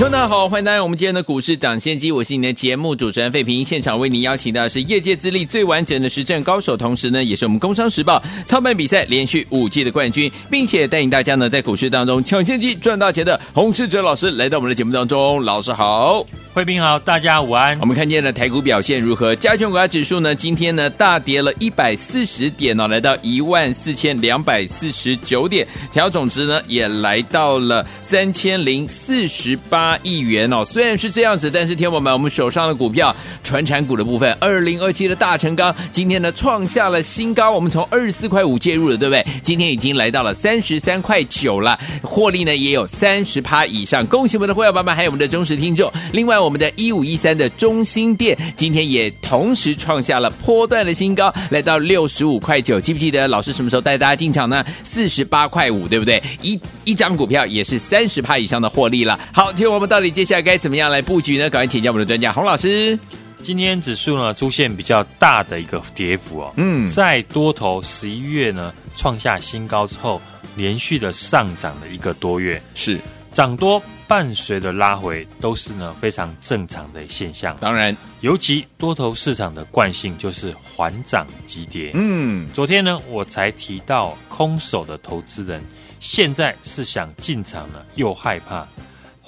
聽眾大家好，歡迎大家來我們今天的股市漲先機，我是你的節目主持人費平。現場為您邀請到的是業界資歷最完整的實戰高手，同時呢，也是我們《工商時報》操盤比賽連續五屆的冠軍，並且帶領大家呢在股市當中搶先機賺大錢的洪士哲老師來到我們的節目當中。老師好，費平好，大家午安。我們看見了台股表現如何？加權股價指數呢？今天呢大跌了一百四十點哦，來到一萬四千兩百四十九點，調總值呢也來到了三千零四十八。一元哦，雖然是這樣子，但是天寶們，我們手上的股票，傳產股的部分，二零二七的大成鋼今天呢創下了新高，我們從二十四塊五介入了，對不對？今天已經來到了三十三塊九了，獲利呢也有三十趴以上。恭喜我們的會員朋友們，還有我們的忠實聽眾。另外，我們的一五一三的中興電今天也同時創下了波段的新高，來到六十五塊九。記不記得老師什麼時候帶大家進場呢？四十八塊五，對不對？一一張股票也是三十趴以上的獲利了。好，天寶。那麼，到底接下來該怎麼樣來布局呢？趕快請教我們的專家洪老師。今天指數呢出現比較大的一個跌幅哦。嗯，在多頭十一月呢創下新高之後，連續的上漲了一個多月，是漲多伴隨着拉回，都是呢非常正常的現象。當然，尤其多頭市場的慣性就是緩漲急跌。嗯，昨天呢我才提到空手的投資人，現在是想進場呢，又害怕。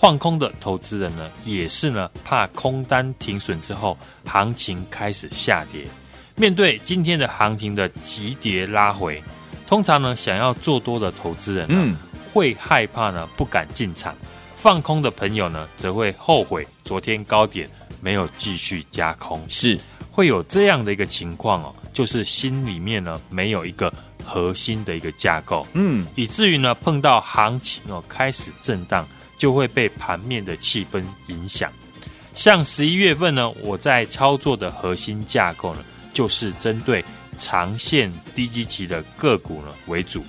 放空的投資人呢，也是呢，怕空單停損之後，行情開始下跌。面對今天的行情的急跌拉回，通常呢，想要做多的投資人呢，會害怕呢，不敢進場；放空的朋友呢，則會後悔昨天高點沒有繼續加空，是會有這樣的一個情況哦，就是心裡面呢，沒有一個核心的一個架構，嗯，以至於呢，碰到行情哦，開始震盪。就會被盤面的氣氛影響。像十一月份呢，我在操作的核心架構呢，就是針對長線低基期的個股呢為主。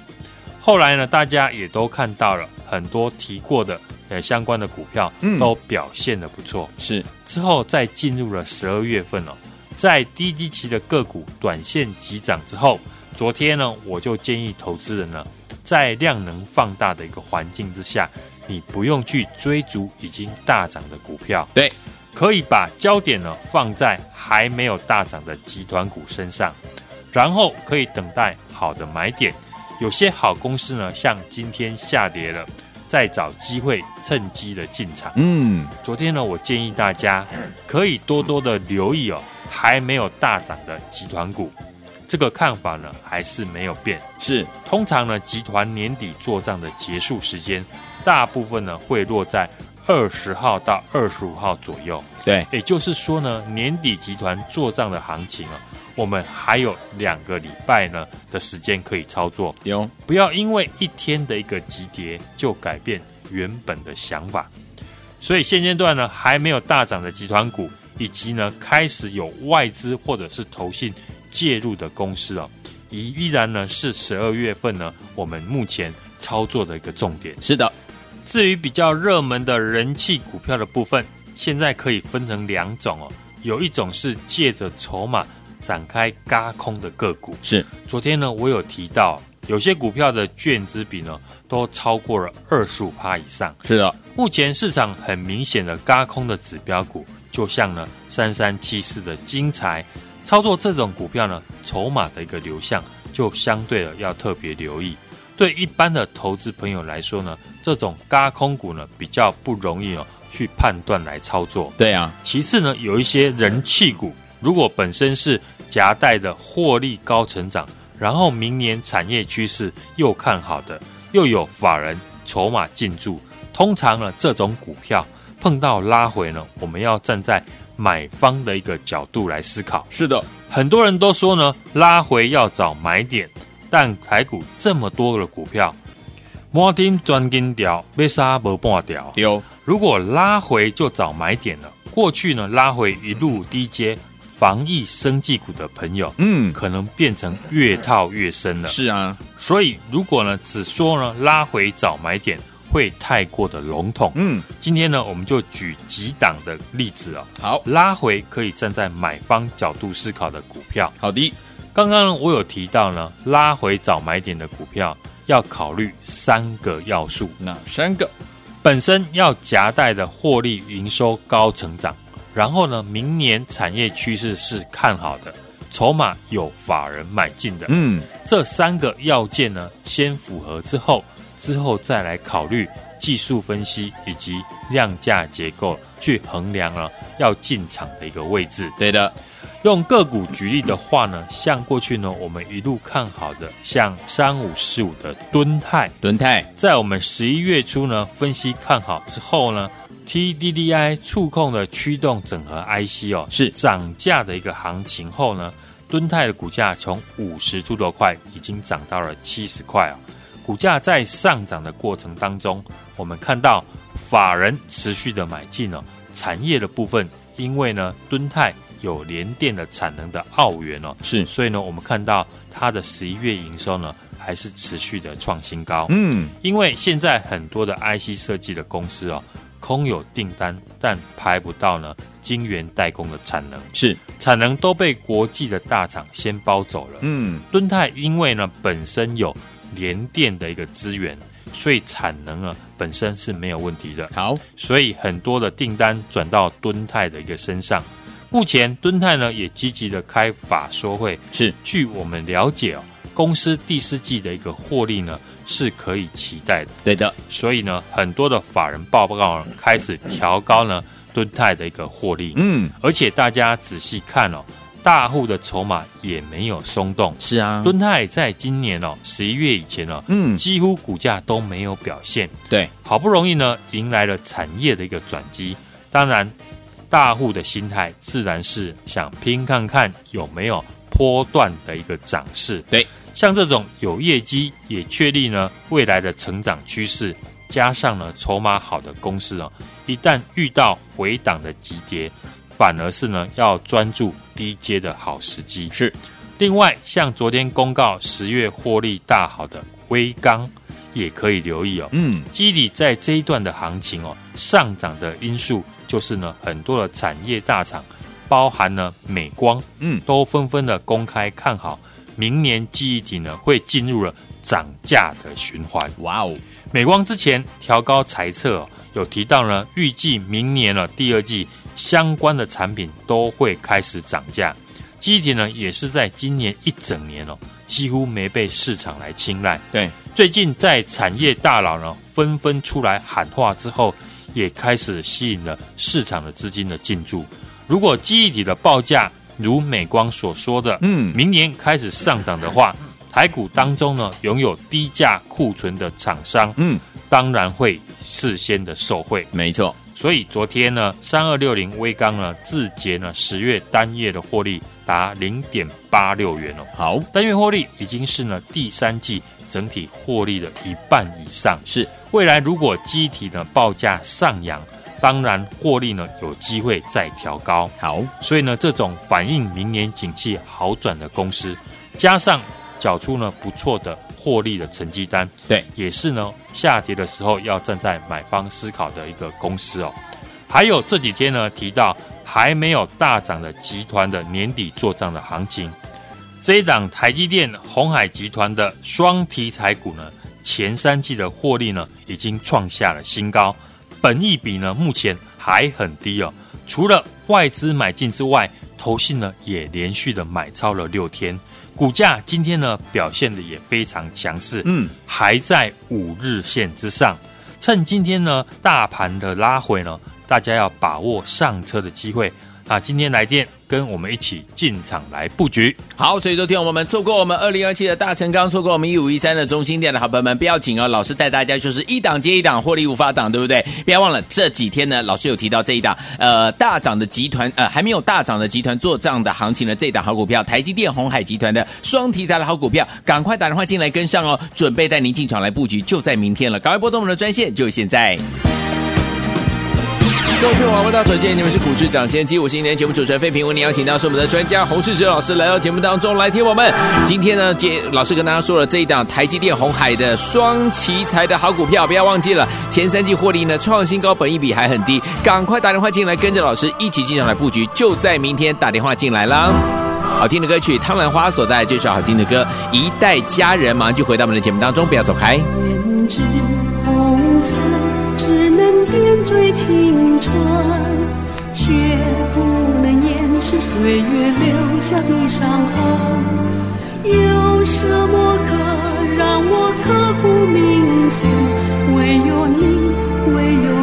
後來呢，大家也都看到了很多提過的呃相關的股票都表現得不錯。是之後再進入了十二月份了哦，在低基期的個股短線急漲之後，昨天呢，我就建議投資人呢，在量能放大的一個環境之下，你不用去追逐已經大漲的股票，對，可以把焦點呢放在還沒有大漲的集團股身上，然後可以等待好的買點。有些好公司呢，像今天下跌了，再找機會趁機的進場。嗯，昨天呢，我建議大家可以多多的留意哦，還沒有大漲的集團股，這個看法呢還是沒有變。是，通常呢，集團年底做賬的結束時間。大部分呢會落在二十號到二十五號左右，對，也就是說呢，年底集團做賬的行情啊，我們還有兩個禮拜呢的時間可以操作，對，不要因為一天的一個急跌就改變原本的想法。所以現階段呢，還沒有大漲的集團股，以及呢開始有外資或者是投信介入的公司啊、哦，依依然呢是十二月份呢我們目前操作的一個重點。是的。至於比較熱門的人氣股票的部分，現在可以分成兩種哦。有一種是借着籌碼展開軋空的個股，是。昨天呢，我有提到有些股票的券資比呢都超過了二十五趴以上。是的，目前市場很明顯的軋空的指標股，就像呢三三七四的精材，操作這種股票呢，籌碼的一個流向就相對的要特別留意。對一般的投資朋友來說呢，這種軋空股呢比較不容易哦去判斷來操作。對啊。其次呢，有一些人氣股，如果本身是夾帶的獲利高成長，然後明年產業趨勢又看好的，又有法人籌碼進駐，通常呢這種股票碰到拉回呢，我們要站在買方的一個角度來思考。是的，很多人都說呢，拉回要找買點。但台股這麼多的股票，滿天全金條，要抓無半條。對、哦，如果拉回就找買點了。過去呢，拉回一路低接防疫、生技股的朋友，嗯，可能變成越套越深了。是啊，所以如果呢，只說呢拉回找買點會太過的籠統。嗯，今天呢，我們就舉幾檔的例子啊。好，拉回可以站在買方角度思考的股票。好的。剛剛呢，我有提到呢，拉回找買點的股票要考慮三個要素，哪三個？本身要夾帶的獲利營收高成長，然後呢，明年產業趨勢是看好的，籌碼有法人買進的，嗯，這三個要件呢，先符合之後，之後再來考慮技術分析以及量價結構，去衡量了要進場的一個位置。對的。用個股舉例的話呢，像過去呢，我們一路看好的，像三五四五的敦泰，敦泰在我們十一月初呢，分析看好之後呢，TDDI 觸控的驅動整合 IC 哦，是漲價的一個行情後呢，敦泰的股價從五十出頭塊已經漲到了七十塊哦。股價在上漲的過程當中，我們看到法人持續的買進哦，產業的部分因為呢敦泰。有聯電的產能的奧援哦、喔，是，所以呢，我們看到它的十一月營收呢，還是持續的創新高。嗯，因為現在很多的 IC 設計的公司哦、喔，空有訂單，但排不到呢晶圓代工的產能，是，產能都被國際的大廠先包走了。嗯，敦泰因為呢本身有聯電的一個資源，所以產能呢本身是沒有問題的。好，所以很多的訂單轉到敦泰的一個身上。目前，敦泰呢也積極的開法說會，是，據我們了解，公司第四季的一個獲利呢是可以期待的，對的。所以呢，很多的法人報告開始調高呢敦泰的一個獲利，嗯，而且大家仔細看哦，大戶的籌碼也沒有鬆動，是啊，敦泰在今年哦十一月以前哦，嗯，幾乎股價都沒有表現，對，好不容易呢迎來了產業的一個轉機，當然。大戶的心態自然是想拼看看有沒有波段的一個漲勢。對，像這種有業績也確立呢未來的成長趨勢，加上呢籌碼好的公司哦，一旦遇到回檔的急跌，反而是呢要專注低階的好時機。是，另外像昨天公告十月獲利大好的威剛，也可以留意哦。嗯，基底在這一段的行情哦，上漲的因素。就是呢，很多的產業大廠，包含了美光，嗯，都紛紛的公開看好，明年記憶體呢會進入了漲價的循環。哇哦，美光之前調高財測，哦，有提到呢，預計明年呢、哦、第二季相關的產品都會開始漲價。記憶體呢也是在今年一整年哦，幾乎沒被市場來青睞。對，最近在產業大佬呢紛紛出來喊話之後，也開始吸引了市場的資金的進駐。如果記憶體的報價如美光所說的，嗯，明年開始上漲的話，台股當中呢擁有低價庫存的廠商，嗯，當然會事先的受惠。沒錯。所以昨天呢，三二六零威剛呢自結呢十月單月的獲利達零點八六元哦。好，單月獲利已經是呢第三季整體獲利的一半以上。是。未來如果機體的報價上揚，當然獲利呢有機會再調高。好，所以呢這種反映明年景氣好轉的公司，加上繳出呢不錯的獲利的成績單，對，也是呢下跌的時候要站在買方思考的一個公司哦。還有這幾天呢提到還沒有大漲的集團的年底做賬的行情，這一檔台積電、鴻海集團的雙題材股呢。前三季的獲利呢，已經創下了新高，本益比呢目前還很低哦。除了外資買進之外，投信呢也連續的買超了六天，股價今天呢表現的也非常強勢，嗯，還在五日線之上。趁今天呢大盤的拉回呢，大家要把握上車的機會。那今天來電。跟我們一起進場來布局，好，所以昨天我們錯過我們二零二七的大成鋼，錯過我們一五一三的中興電的好朋友們，不要緊哦，老師帶大家就是一檔接一檔獲利無法擋，對不對？不要忘了這幾天呢，老師有提到這一檔，呃，大漲的集團，呃，還沒有大漲的集團做賬的行情的。這檔好股票，台積電、鴻海集團的雙題材的好股票，趕快打電話進來跟上哦，準備帶您進場來布局，就在明天了，趕快撥通我們的專線，就現在。我是我們大所，歡迎你們是股市漲先機。五是今節目主持人費平，為你邀請到是我們的專家洪士哲老師來到節目當中來聽我們。今天呢，老師跟大家說了這一檔台積電、紅海的雙奇才的好股票，不要忘記了，前三季獲利呢創新高，本益比還很低，趕快打電話進來，跟着老師一起進場來布局，就在明天打電話進來啦。好聽的歌曲《湯蘭花》所在這首好聽的歌《一代佳人忙》，馬上就回到我們的節目當中，不要走開。醉青春，卻不能掩飾歲月留下的傷痕。有什麼可讓我刻骨銘心？唯有你，唯有。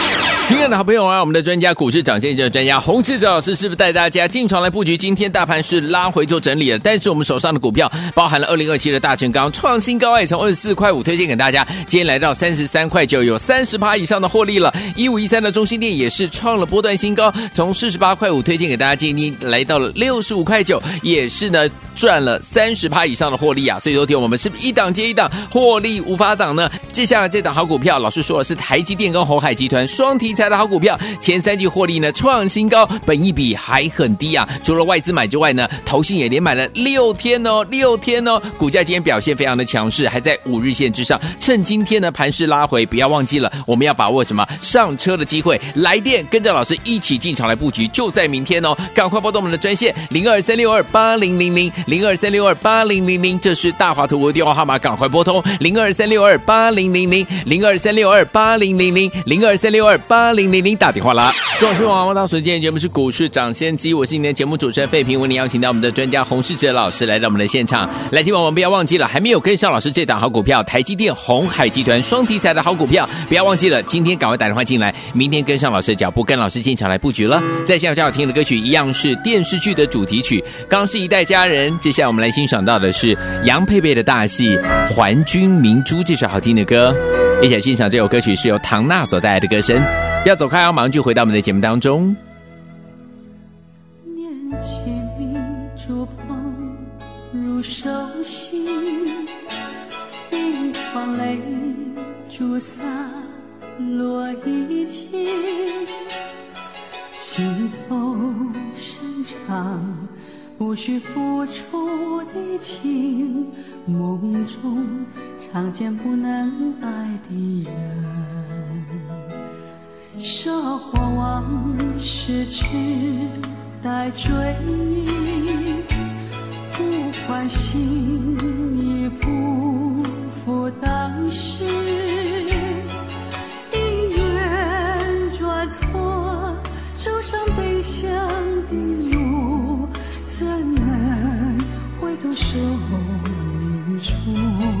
親愛的好朋友啊，我們的專家股市漲先機專家洪士哲老師是不是帶大家進場來佈局？今天大盤是拉回做整理了，但是我們手上的股票包含了二零二七的大成鋼創新高，也從二十四塊五推薦給大家，今天來到三十三塊九，有三十趴以上的獲利了。一五一三的中興電也是創了波段新高，從四十八塊五推薦給大家，今天來到了六十五塊九，也是呢賺了三十趴以上的獲利啊！所以昨天我們是不是一檔接一檔，獲利無法擋呢。接下來這檔好股票，老師說的是台積電跟鴻海集團雙題材。下的好股票，前三季獲利呢創新高，本益比還很低啊！除了外資買之外呢，投信也連買了六天哦，六天哦，股價今天表現非常的強勢，還在五日線之上。趁今天呢盤勢拉回，不要忘記了，我們要把握什麼上車的機會？來電跟着老師一起進場來布局，就在明天哦！趕快撥通我們的專線零二三六二八零零零零二三六二八零零零，800, 800, 800, 這是大華投顧的電話號碼，趕快撥通零二三六二八零零零零二三六二八零零零零二三六二八。八零零零打電話啦。各位觀眾，晚上好，大家今天節目《是股市漲先機》，我是今天節目主持人費平。為您邀請到我們的專家洪士哲老師來到我們的現場。來聽完完，我們不要忘記了，還沒有跟上老師這檔好股票，台積電、鴻海集團雙題材的好股票，不要忘記了，今天趕快打電話進來，明天跟上老師的腳步，跟老師進場來佈局了。在最好聽的歌曲一樣是電視劇的主題曲，剛是一代佳人，接下來我們來欣賞到的是楊佩佩的大戲《還君明珠》這首好聽的歌。一起來欣賞這首歌曲，是由唐娜所帶來的歌聲。不要走開啊，馬上就回到我們的節目當中。年輕觸碰如手心，一狂淚珠灑落一清。心頭深長，無需付出的情，夢中常見不能愛的人。韶華往事只待追憶，不懷心已不負當時。姻緣轉錯，走上悲傷的路，怎能回頭守候命處。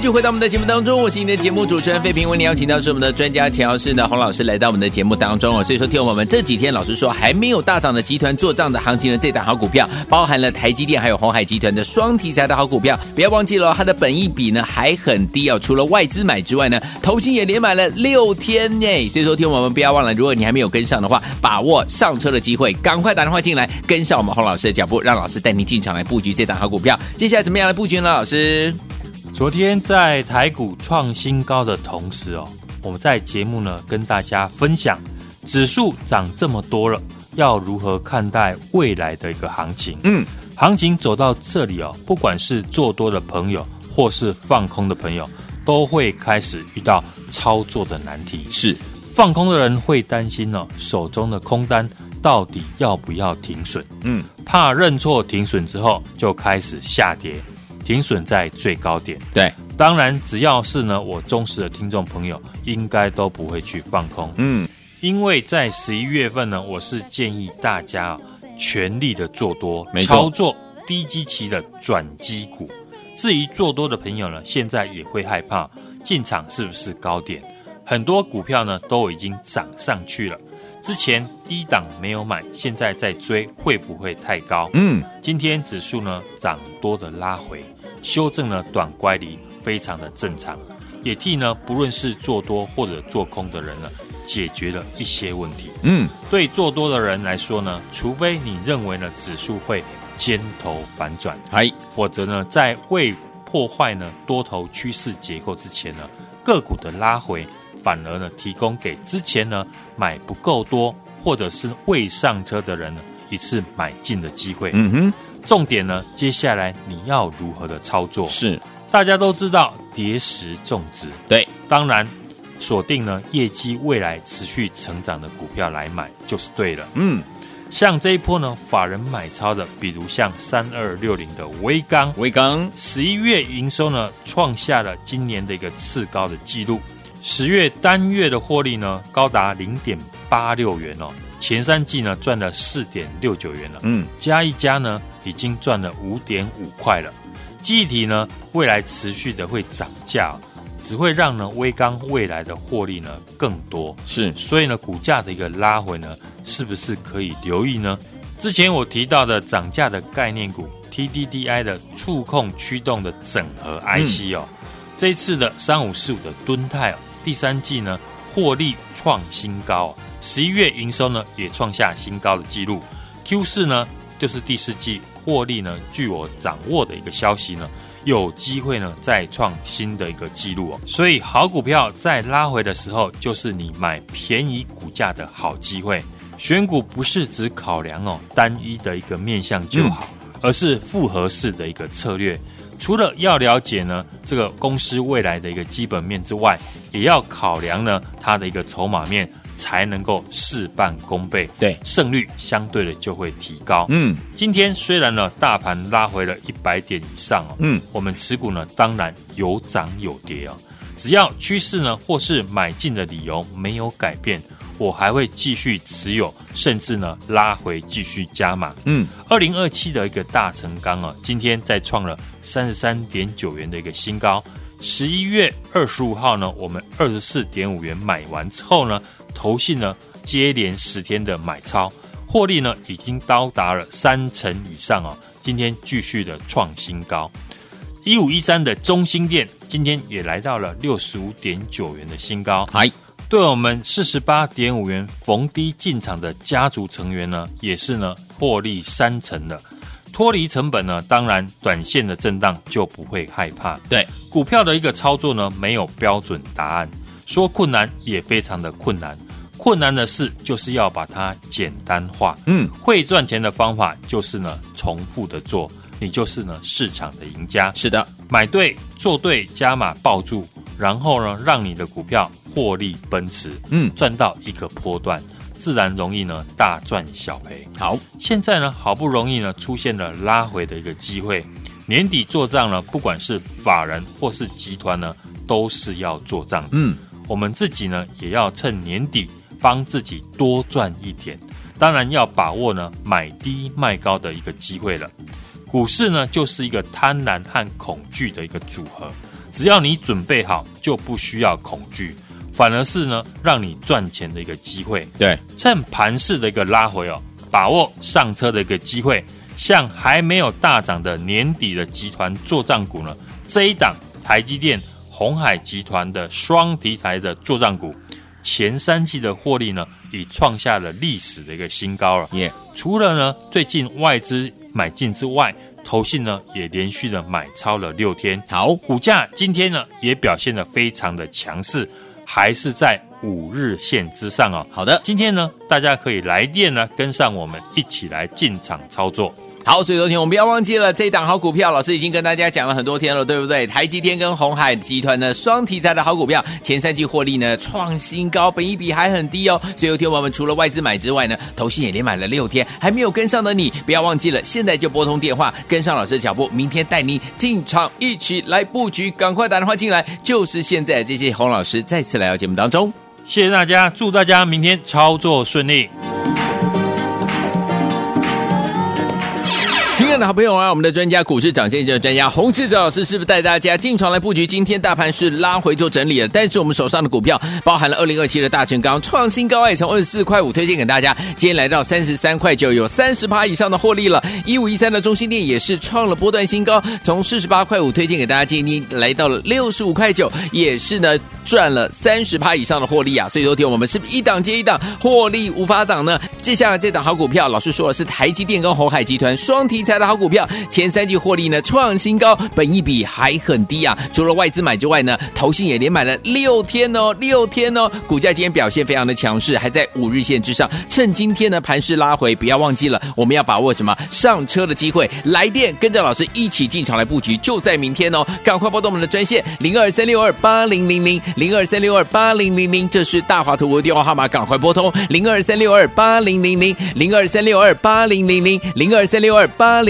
就回到我們的節目當中，我是你的節目主持人費平，為你邀請到是我們的專家錢老師呢，洪老師來到我們的節目當中哦。所以說，聽我們這幾天，老師說還沒有大漲的集團做漲的行情的這檔好股票，包含了台積電還有鴻海集團的雙題材的好股票，不要忘記了哦，它的本益比呢還很低哦。除了外資買之外呢，投信也連買了六天呢。所以說，聽我們不要忘了，如果你還沒有跟上的話，把握上車的機會，趕快打電話進來，跟上我們洪老師的腳步，讓老師帶您進場來布局這檔好股票。接下來怎麼樣來布局呢？老師？昨天在台股創新高的同時哦，我們在節目呢跟大家分享，指數漲這麼多了，要如何看待未來的一個行情？嗯，行情走到這裡哦，不管是做多的朋友，或是放空的朋友，都會開始遇到操作的難題。是放空的人會擔心呢，手中的空單到底要不要停損？嗯，怕認錯停損之後就開始下跌。停損在最高點，對、嗯，當然只要是呢，我忠實的聽眾朋友，應該都不會去放空，嗯，因為在十一月份呢，我是建議大家全力的做多，操作低基期的轉機股。至於做多的朋友呢，現在也會害怕進場是不是高點？很多股票呢都已經漲上去了。之前低檔沒有買，現在在追，會不會太高？嗯，今天指數呢漲多的拉回，修正了短乖離，非常的正常，也替呢不論是做多或者做空的人呢解決了一些問題。嗯，對做多的人來說呢，除非你認為呢指數會尖頭反轉，哎、嗯，否則呢在未破壞呢多頭趨勢結構之前呢，個股的拉回。反而呢，提供給之前呢買不夠多或者是未上車的人呢，一次買進的機會。嗯哼，重點呢，接下來你要如何的操作？是，大家都知道跌時重質。對，當然鎖定呢業績未來持續成長的股票來買就是對了。嗯，像這一波呢，法人買超的，比如像三二六零的威剛，威剛十一月營收呢創下了今年的一個次高的紀錄。十月單月的獲利呢，高達零點八六元哦，前三季呢賺了四點六九元了，嗯，加一加呢，已經賺了五點五塊了。記憶體呢，未來持續的會漲價哦，只會讓呢威剛未來的獲利呢更多。是，所以呢，股價的一個拉回呢，是不是可以留意呢？之前我提到的漲價的概念股 TDDI 的觸控驅動的整合 IC 哦，嗯、這一次的三五四五的敦泰哦。第三季呢，獲利創新高，十一月營收呢也創下新高的記錄。Q 四呢，就是第四季獲利呢，據我掌握的一個消息呢，有機會呢再創新的一個記錄哦。所以好股票在拉回的時候，就是你買便宜股價的好機會。選股不是只考量哦單一的一個面向就好，嗯、而是複合式的一個策略。除了要了解呢這個公司未來的一個基本面之外，也要考量呢它的一個籌碼面，才能夠事半功倍，對勝率相對的就會提高。嗯，今天雖然呢大盤拉回了一百點以上哦，嗯，我們持股呢當然有漲有跌啊、哦，只要趨勢呢或是買進的理由沒有改變，我還會繼續持有，甚至呢拉回繼續加碼。嗯，二零二七的一個大成鋼啊，今天再創了。三十三點九元的一個新高，十一月二十五號呢，我們二十四點五元買完之後呢，投信呢接連十天的買超，獲利呢已經到達了三成以上哦，今天繼續的創新高，一五一三的中興電今天也來到了六十五點九元的新高，還對我們四十八點五元逢低進場的家族成員呢，也是呢獲利三成的。脫離成本呢，當然短線的震盪就不會害怕。對，股票的一個操作呢，沒有標準答案，說困難也非常的困難。困難的事就是要把它簡單化。嗯，會賺錢的方法就是呢，重複的做，你就是呢市場的贏家。是的，買對，做對，加碼，抱住，然後呢，讓你的股票獲利奔馳。嗯，賺到一個波段。自然容易呢，大賺小賠。好，現在呢，好不容易呢，出現了拉回的一個機會。年底做賬呢，不管是法人或是集團呢，都是要做賬的。嗯，我們自己呢，也要趁年底幫自己多賺一點。當然要把握呢，買低賣高的一個機會了。股市呢，就是一個貪婪和恐懼的一個組合。只要你準備好，就不需要恐懼。反而是呢，讓你賺錢的一個機會。對，趁盤勢的一個拉回哦，把握上車的一個機會。像還沒有大漲的年底的集團做帳股呢，這一檔台積電、鴻海集團的雙題材的做帳股，前三季的獲利呢，已創下了歷史的一個新高了。也 Yeah 除了呢，最近外資買進之外，投信呢也連續的買超了六天。好，股價今天呢也表現得非常的強勢。還是在五日線之上哦。好的，今天呢，大家可以來電呢，跟上我們一起來進場操作。好，所以昨天我們不要忘記了，這一檔好股票，老師已經跟大家講了很多天了，對不對？台積電跟鴻海集團的雙題材的好股票，前三季獲利呢創新高，本益比還很低哦。所以昨天我們除了外資買之外呢，投信也連買了六天，還沒有跟上的你，不要忘記了，現在就撥通電話跟上老師的腳步，明天帶你進場一起來布局，趕快打電話進來。就是現在，這些洪老師再次來到節目當中，謝謝大家，祝大家明天操作順利。親愛的好朋友啊，我們的專家股市漲先機的專家洪士哲老師是不是帶大家進場來布局？今天大盤是拉回做整理了，但是我們手上的股票包含了二零二七的大成鋼創新高，也從二十四塊五推薦給大家，今天來到三十三塊九，有三十趴以上的獲利了。一五一三的中興電也是創了波段新高，從四十八塊五推薦給大家，今天來到了六十五塊九，也是呢賺了三十趴以上的獲利啊。所以昨天我們是不是一檔接一檔，獲利無法擋呢？接下來這檔好股票，老師說的是台積電跟鴻海集團雙題材。好股票前三季獲利呢創新高，本益比還很低啊！除了外資買之外呢，投信也連買了六天哦，六天哦，股價今天表現非常的強勢，還在五日線之上。趁今天呢盤勢拉回，不要忘記了，我們要把握什麼上車的機會？來電跟着老師一起進場來佈局，就在明天哦！趕快撥通我們的專線零二三六二八零零零零二三六二八零零零，800, 800, 800，這是大華投顧的電話號碼，趕快撥通零二三六二八零零零零二三六二八零零零零二三六二八零。